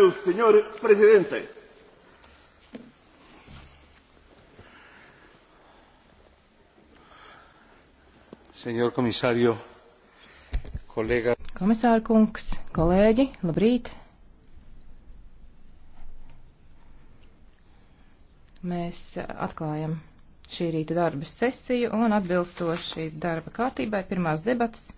Deus, señor presidente. Señor komisārio, kolēga. Komisāra kungs, kolēģi, labrīt. Mēs atklājam šī rīta darba sesiju un atbilstoši darba kārtībai pirmās debatas